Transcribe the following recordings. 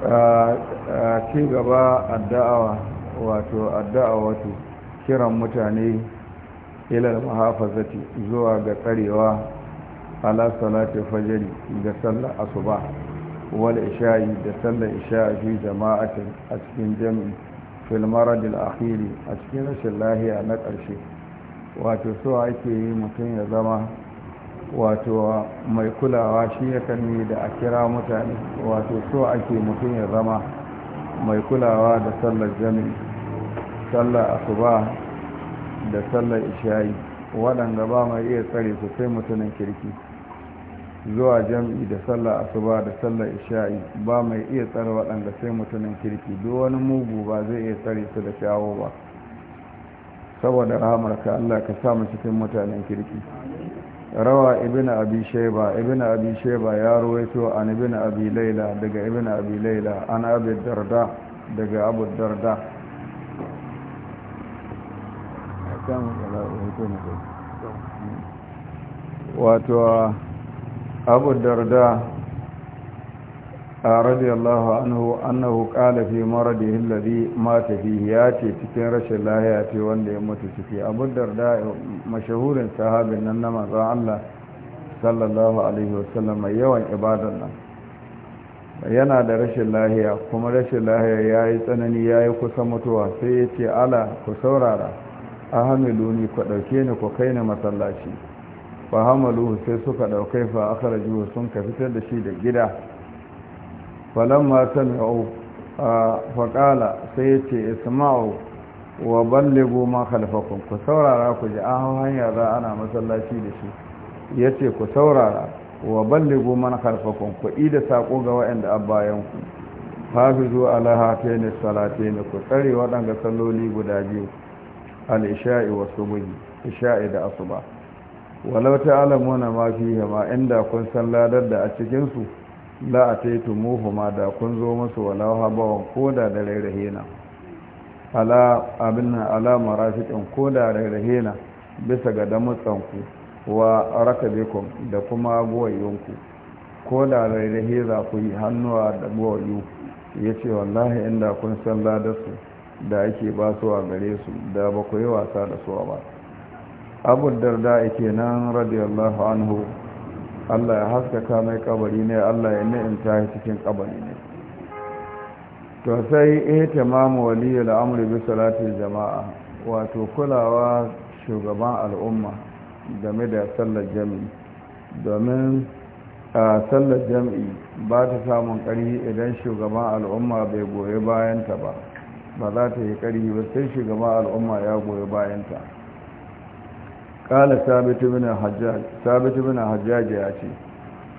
ci gaba addu'a wato addu'a wato kiran mutane ilal mahafazati zuwa ga tsarewa ala salati fajari da sallar asuba wal isha'i da sallar isha'i fi jama'a a cikin jami'i fil marad al akhiri a cikin rashin lahiya na ƙarshe wato so ake yi mutum ya zama wato mai kulawa shi ya kan yi da a kira mutane wato so ake mutum ya zama mai kulawa da sallar jami sallar asuba da sallar ishayi waɗanda ba mai iya tsare su sai mutunan kirki zuwa jam'i da sallar asuba da sallar ishayi ba mai iya tsare waɗanda sai mutunan kirki duk wani mugu ba zai iya tsare su da shawo ba saboda rahamarka allah ka samu cikin mutanen kirki rawa ibn abi shayba ibn abi shayba ya ruwaito an ibn abi laila daga ibn abi laila an abi darda daga abu darda رضي الله عنه أنه قال في مرضه الذي مات فيه ياتي تكين رشي الله ياتي mutu ciki. تكي أبو الدرداء مشهور صحاب إنما ذا صلى الله عليه وسلم يوان عبادنا yana da rashin lahiya kuma rashin lahiya ya yi tsanani ya yi kusa mutuwa sai ya ce ala ku saurara a hamiluni ku ɗauke ni ku kai ni masallaci ba sai suka ɗaukai fa aka rajuwa sun ka fitar da shi da gida falamma sami'u faƙala sai yace, ce isma'u wa ballego ma khalfakum ku saurara ku ji an hanya za masallaci da shi Yace, ku saurara wa ballego man khalfakum ku ida saƙo ga waɗanda a bayanku hafizu ala hataini salataini ku tsare waɗanda salloli guda biyu al-isha'i wa isha'i da asuba walau alamu na fihi ma inda kun san ladar da a cikinsu? la a ta yi da kun zo musu walawa bawan ko da rairahe na alama rafiƙin ko da rairahe na bisa ga damutsanku wa rakabikun da kuma goyonku ko da rairahe za ku yi hannuwa da goyo ya ce wallahi inda kun san ladarsu da ake ba su a gare su da ba wasa da suwa ba abu darda ake nan radiyallahu anhu Allah ya haskaka mai kabari ne Allah ya ni'imta shi cikin kabari ne to sai ihtimamu waliyul amri bi salati jama'a wato kulawa shugaban al'umma game da sallar jami'i domin a sallar jami'i ba ta samun ƙarfi idan shugaban al'umma bai goyi bayanta ba ba za ta yi ƙarfi ba sai shugaban al'umma ya goyi bayanta قال ثابت بن حجاج ya ce. حجاج ياتي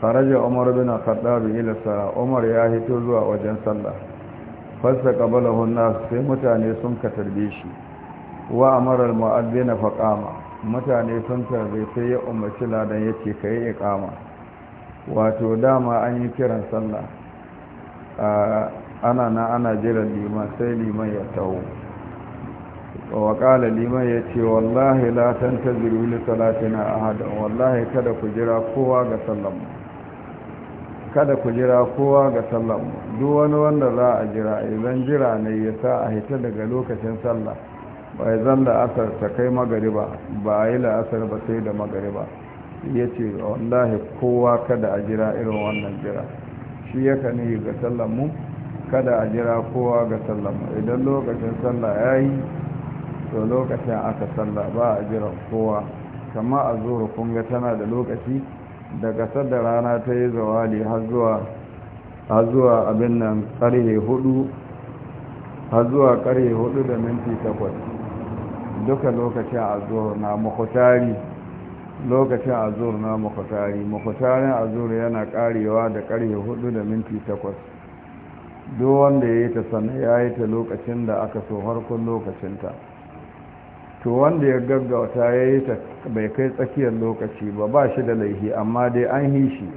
خرج عمر بن الخطاب الى الصلاه عمر يا هيتو zuwa wajen sallah fasta qabalahu an sai mutane sun ka tarbe shi wa amara al-mu'adhdhin fa mutane sun tarbe sai ya umarci ladan yace kai iƙama. wato dama an yi kiran sallah ana na ana jiran liman sai liman ya taho. wa ƙala liman ya ce wallahi latan ta ziruli salatina ahada wallahi kada ku jira kowa ga sallanmu kada ku jira kowa ga sallanmu duk wani wanda za a jira idan jira ne ya sa a hita daga lokacin sallah ba ya zan la'asar ta kai magariba ba a yi la'asar ba sai da magariba ya ce wallahi kowa kada a jira irin wannan jira shi ya kan yi ga mu, kada a jira kowa ga sallanmu idan lokacin sallah ya yi to lokacin aka sallah ba a jiran kowa kama a zuru kunga tana da lokaci daga sadda rana ta yi zawali har zuwa abin nan karye hudu har zuwa karye hudu da minti takwas duka lokacin a zuru na makutari lokacin zuru na makutari a zuru yana karewa da karye hudu da minti takwas duk wanda ya yi ta sannan ya yi ta lokacin da aka so harkar lokacinta to wanda ya gaggauta ya yi ta bai kai tsakiyar lokaci ba ba shi da laihi amma dai an yi shi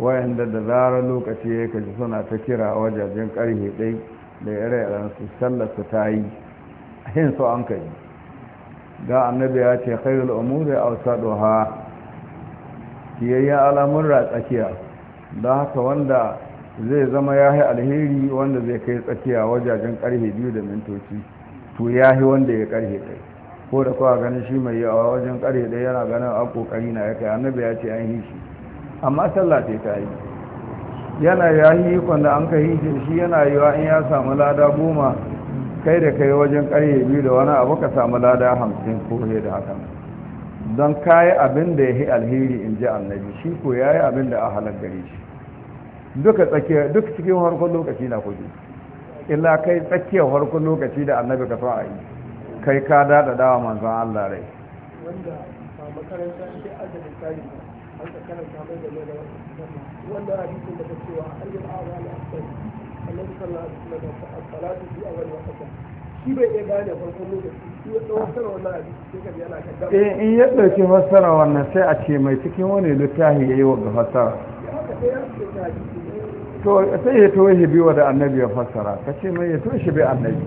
wayanda da zarar lokaci ya kaji suna ta kira wajajen karhe ɗai da ire su sallar su ta yi hin su an kai ga annabi ya ce khairul umuri yi kiyayya al'amurra tsakiya Da haka wanda zai zama ya yi alheri wanda zai kai tsakiya wajajen karhe biyu da mintoci to ya yi wanda ya karhe kai, ko da kowa ganin shi mai yawa wajen karhe ɗai yana ganin a ƙoƙari na ya kai annabi ya ce an yi shi amma sallah ta yi yana ya yi kwanda an ka yi shi yana yiwa in ya samu lada goma kai da kai wajen karhe biyu da wani abu ka samu lada hamsin ko da haka don yi abin da ya yi alheri in ji annabi shi ko ya yi abin da a halar gare shi duka duk cikin harkar lokaci na kuɗi illa kai tsakiyar farkon lokaci da annabi ka so a yi kai ka dada dawa manzan Allah rai wanda makaranta shi da karanta da da wanda da cewa da shi bai iya da sai yana eh, in ya ɗauki fassara wannan sai a ce mai cikin wani littafi yayi wa ga fassara sai ya toshe wa da annabi ya fassara ka ce mai ya shi bi annabi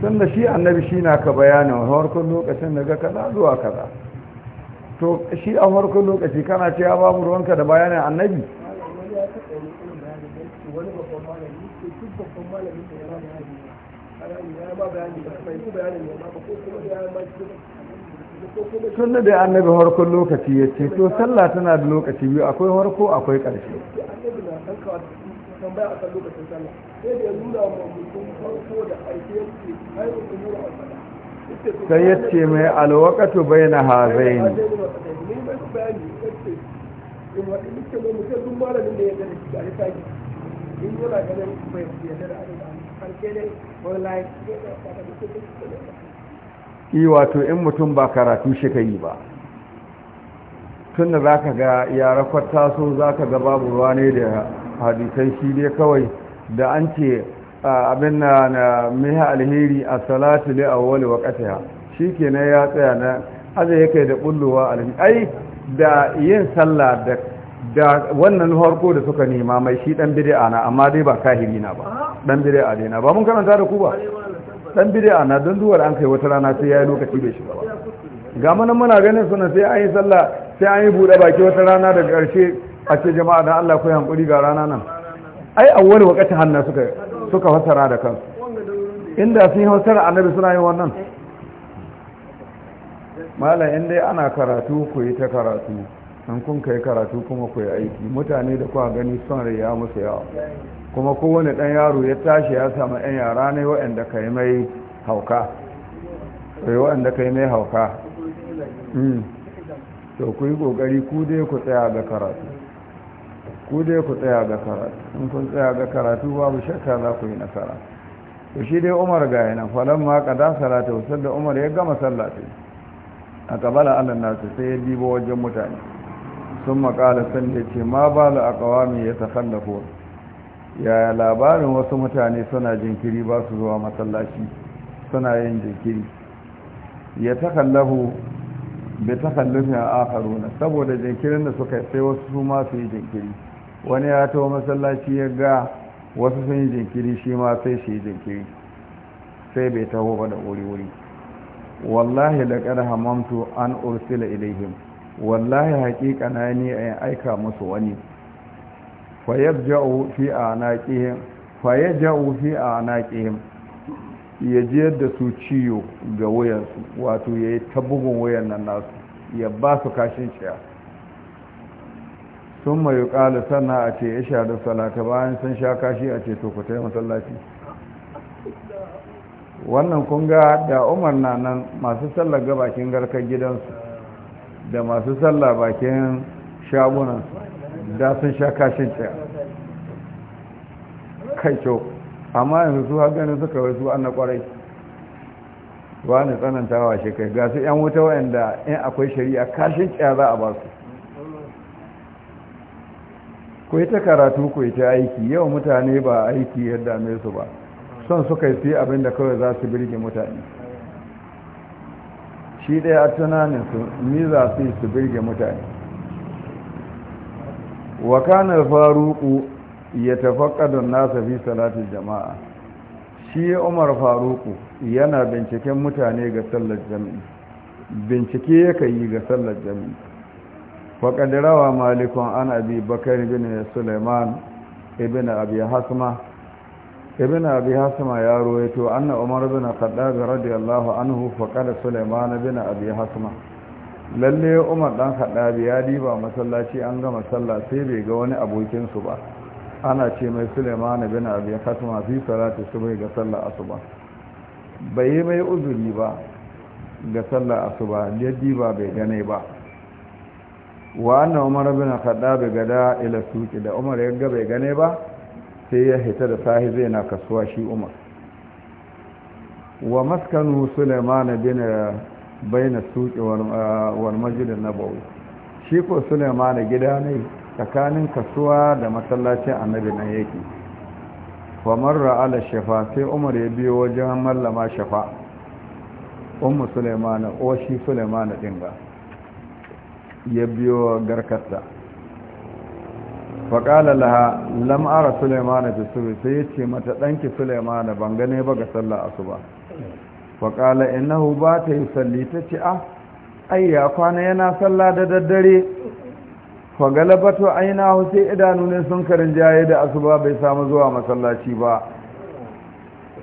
tun da shi annabi shi na ka bayanin a harkar lokacin daga kaza zuwa kaza to shi a harkar lokaci kana ce ya babu ruwanka da bayanin annabi ya tun da annabi harkon lokaci ya ce to sallah tana da lokaci biyu akwai harko akwai ƙarshe sai ya ce mai alwakatu bai na hazai ne in yana ganin bai yadda da abin harke dai online yi wato in mutum ba karatu shi ka yi ba tun da za ka ga yara kwata so za ka ga babu ruwa ne da hadisai shi ne kawai da an ce abin na na miha alheri a salatu li awwali shi ke na ya tsaya na aza ya kai da bullowa alheri ai da yin sallah da da wannan harko da suka nema mai shi dan bid'a na amma dai ba kahiri na ba dan bid'a dai na ba mun karanta da ku ba dan bid'a na don duwar an kai wata rana sai yayi lokaci bai shiga ba ga mana muna ganin suna sai an yi sallah sai an yi buɗe baki wata rana da ƙarshe a ce jama'a dan Allah koyi hankuri ga rana nan ai awwal waqati hanna suka suka fasara da kansu inda sun yi annabi suna yin wannan malam in dai ana karatu ku yi ta karatu in kun kai karatu kuma ku yi aiki mutane da kuka gani son rai ya musu yawa kuma kowane ɗan yaro ya tashi ya samu ɗan yara ne waɗanda ka yi mai hauka sai eh, waɗanda ka yi mai hauka hmm. to ku yi ƙoƙari ku dai ku tsaya ga karatu ku dai ku tsaya ga karatu in kun tsaya ga karatu babu shakka za ku yi nasara to shi dai umar ga yana falon ma kada salata wasu da umar ya gama sallata a kabala allah su sai ya dibo wajen mutane sun makala sun da ce ma ba la a kawami ya ta kallafo yaya labarin wasu mutane suna jinkiri ba su zuwa masallaci suna yin jinkiri ya ta kallafo bai ta kallafin a akaruna saboda jinkirin da suka sai wasu su ma su yi jinkiri wani ya tawo masallaci ya ga wasu sun yi jinkiri shi ma sai shi yi jinkiri sai bai taho ba da wuri-wuri wallahi da ƙar hamamtu an ursila ilaihim wallahi haƙiƙa na ne in aika musu wani fayarja'u fi a fayarja'u ya jiyar da su ciyo ga wuyansu, wato ya yi tabbugun wuyan nan nasu ya ba su kashin ciya sun mai ƙalu sannan a ce ya shaɗu salata bayan sun sha kashi a ce ku masallaci wannan kunga da umar na nan masu sallar gabakin garkar gidansu da masu sallah bakin shagunan da sun sha kashin tsaya kai kyau amma yanzu su haganin suka wai su an na kwarai ba ni tsanantawa shi kai ga su 'yan wuta wanda in akwai shari'a kashin tsaya za a ba su ku yi ta karatu ku yi ta aiki yau mutane ba aiki yadda mai su ba son suka yi abin da kawai za su birge mutane shi ɗaya a tunaninsu ni za su yi su birge mutane wakanar faruku ya tafaƙadun nasa fi salatin jama'a shi umar faruku yana binciken mutane ga sallar jami'i bincike yaka yi ga sallar jami'i faƙadirawa malikon an abi bakar bin suleiman ibn abi hasma ibn abi yaro ya ruwaito anna umar bin khattab radiyallahu anhu faqad sulaiman bin abi hasma lalle umar dan khattab ya diba masallaci an gama sallah sai bai ga wani abokinsu ba ana ce mai sulaiman bin abi hasma fi salati subhi ga sallah asuba bai yi mai uzuri ba ga sallah asuba ya diba bai gane ba wa umar bin khattab gada ila suki da umar ya ga bai gane ba sai ya hita da sahi zai na kasuwa shi umar wa maskanu suleiman bin bayna suki ah, wal masjid nabawi shi ko suleiman gida ne tsakanin kasuwa da masallacin annabi nan yake wa marra ala shafa sai umar ya biyo wajen mallama shafa ummu suleiman o shi suleiman dinga ya biyo garkarta faƙala laha lam'ara suleimana fi suri sai ya ce mata ɗanki suleimana ban gane ba ga sallah asuba faƙala innahu ba ta yi salli ta ce a ai kwana yana sallah da daddare fagalabatu aina sai idanu ne sun karin jaye da asuba bai samu zuwa masallaci ba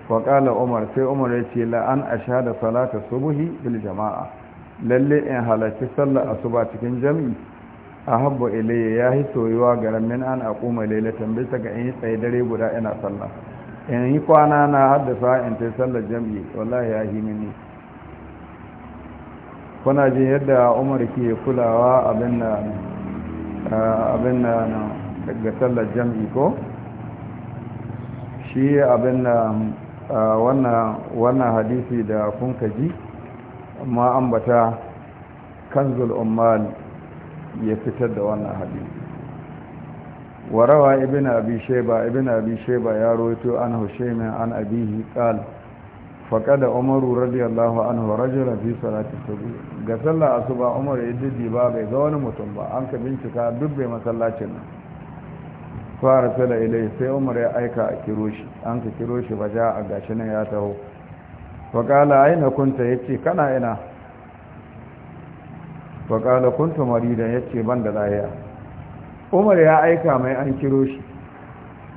faƙala umar sai umar ya ce la'an a sha da salata subuhi bil jama'a lalle in halarci sallar asuba cikin jam'i ahabbu ilayya ya yi soyuwa ga min an aquma laylatan bisa ga in yi tsaye dare guda ina sallah in yi kwana na haddasa in ta sallar jam'i wallahi ya yi mini kuna jin yadda umar ke kulawa abin da na ga sallar jam'i ko shi abin da wannan hadisi da kun kaji amma ambata kanzul ummal ya fitar da wannan hadisi warawa ibn abi shayba ibn abi shayba ya rawaito an min an abihi qala faqad umar radiyallahu anhu rajula fi salati subh ga sallah asuba umar ya didi ba bai ga wani mutum ba an ka bincika duk bai masallacin nan fara sala ilai sai umar ya aika a kiro shi an ka kiro shi ba ja a gashi nan ya taho faqala aina kunta yace kana ina wa kuntu maridan ce ban da lahiya Umar ya aika mai an kiro shi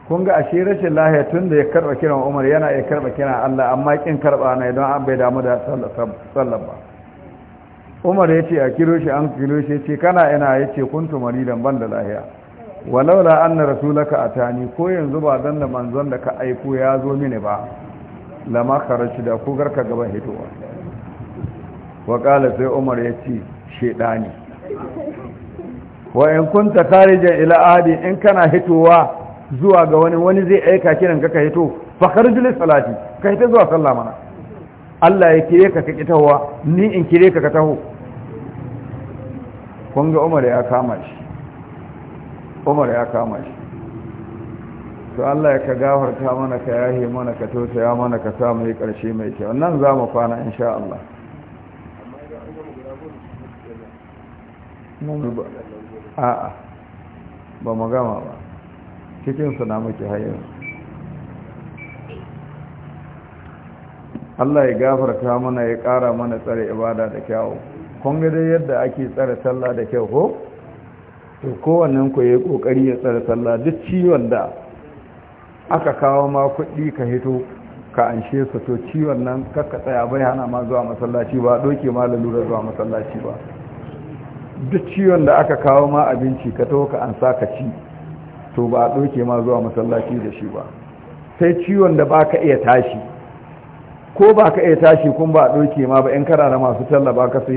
kun ga ashe rashin lahiya tun da ya karɓa kiran Umar yana ya karɓa kiran Allah amma kin karɓa na don an bai damu da sallar ba Umar ce a kiro shi an kiro shi ce kana ina yace kuntu maridan ban da lahiya walaula anna rasulaka tani ko yanzu ba zan da manzon da ka aiko ya zo mini ba lama da kogar ka gaban hitowa wa qala sai Umar ya ce. shedani wa in kunta tarijan ila adi in kana hitowa zuwa ga wani wani zai aika kiran ka ka hito fa kharij salati ka hito zuwa sallah mana Allah ya kire ka ka kitawa ni in kire ka ka taho kun ga Umar ya kama shi Umar ya kama shi to Allah ya ka gafarta mana ka yahe mana ka tausaya mana ka samu yi karshe mai kyau nan za mu kwana insha Allah a'a ba mu gama ba cikin na muke hayar Allah ya gafarta mana ya ƙara mana tsare ibada da kyau kun ga dai yadda ake tsare sallah da kyau ko to kowannen ku yayi kokari ya tsare sallah duk ciwon da aka kawo ma kuɗi ka hito ka anshe su to ciwon nan kakka tsaya bai hana ma zuwa masallaci ba doke ma lalura zuwa masallaci ba duk ciwon da aka kawo ma abinci ka taho ka an saka ka ci to ba a ɗauke ma zuwa masallaci da shi ba sai ciwon da ba ka iya tashi ko ba ka iya tashi kun ba a ɗauke ma ba in 'yan karara masu talla ba ka sai